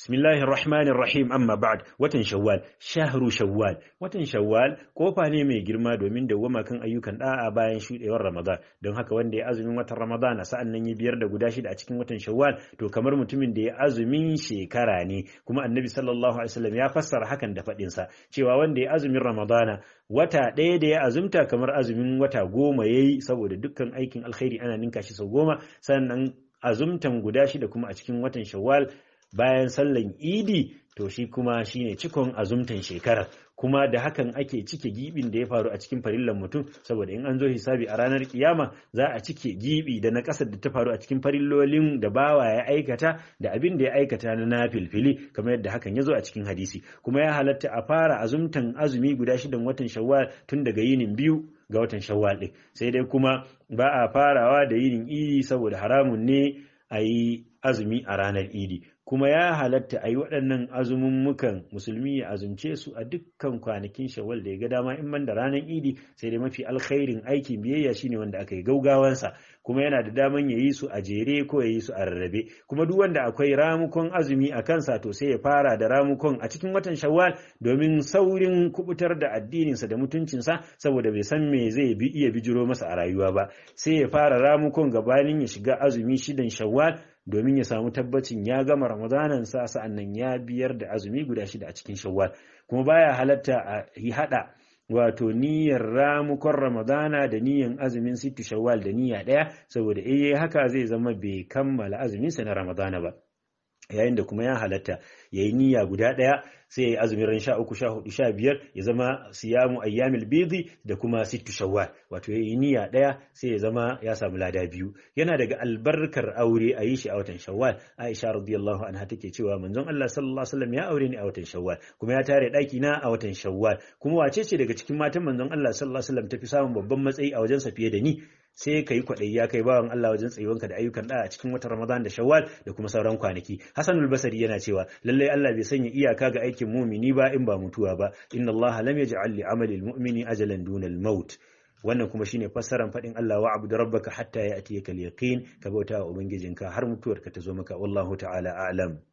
bismillahir rahmanir rahim amma ba'd watan shawwal shahru shawwal watan shawwal kofa ne mai girma domin dawwama kan ayyukan da'a bayan shudewar ramadan don haka wanda ya azumin watan ramadan sa'an nan ya biyar da guda shida a cikin watan shawwal to kamar mutumin da ya azumin shekara ne kuma annabi sallallahu alaihi wasallam ya fassara hakan da faɗin sa cewa wanda ya azumin ramadana wata ɗaya da ya azumta kamar azumin wata goma yayi saboda dukkan aikin alkhairi ana ninka shi sau goma sannan azumtan guda shida kuma a cikin watan shawwal bayan sallan idi to shi kuma shine cikon azumtan shekara kuma da hakan ake cike gibin da ya faru a cikin farillan mutum saboda in an zo hisabi a ranar kiyama za a cike gibi da na kasar da ta faru a cikin farillolin da bawa ya aikata da abin da ya aikata na filfili kamar yadda hakan ya zo a cikin hadisi kuma ya halatta a fara azumtan azumi guda shidan watan shawwal tun daga yinin biyu ga watan shawwal din sai dai kuma ba a farawa da yinin idi saboda haramun ne a yi azumi a ranar idi kuma ya halatta a yi waɗannan azumummukan musulmi ya azumce su a dukkan kwanakin shawwal da ya ga dama in man da ranar idi sai dai mafi alkhairin aikin biyayya shine wanda aka yi gaugawansa kuma yana da daman ya yi su a jere ko ya yi su a rarrabe kuma duk wanda akwai ramukon azumi a kansa to sai ya fara da ramukon a cikin watan shawwal domin saurin kubutar da addininsa da mutuncinsa saboda bai san me zai bi iya bijiro masa a rayuwa ba sai ya fara ramukon gabanin ya shiga azumi shidan shawwal domin ya samu tabbacin ya gama ramadanan sa sa'annan ya biyar da azumi guda shida a cikin shawwal kuma baya halatta a hada wato niyyar ramukan ramadana da niyyar azumin sittu shawwal da niyya daya saboda eh haka zai zama bai kammala azumin sa na ramadana ba yayin da kuma ya halatta ya yi niyya guda ɗaya sai ya yi azumin ran sha uku sha hudu sha biyar ya zama siyamu ayyamil bidi da kuma sittu shawwal wato ya yi niyya ɗaya sai ya zama ya samu lada biyu yana daga albarkar aure a yi shi a watan shawwal aisha radiyallahu anha take cewa manzon Allah sallallahu alaihi wasallam ya aure ni a watan shawwal kuma ya tare ɗaki na a watan shawwal kuma wace ce daga cikin matan manzon Allah sallallahu alaihi wasallam tafi samun babban matsayi a wajensa fiye da ni sai ka yi kwaɗayi ya kai bawan Allah wajen tsayuwanka da ayyukan da a cikin watan Ramadan da Shawwal da kuma sauran kwanaki. Hassan al-Basri yana cewa lallai Allah bai sanya iyaka ga aikin mumini ba in ba mutuwa ba. Inna Allah lam yaj'al li amali al-mu'mini ajalan duna al-maut. Wannan kuma shine fassaran faɗin Allah wa abu rabbaka hatta ya'tiyaka al-yaqin ka bauta wa ubangijinka har mutuwarka ta zo maka wallahu ta'ala a'lam.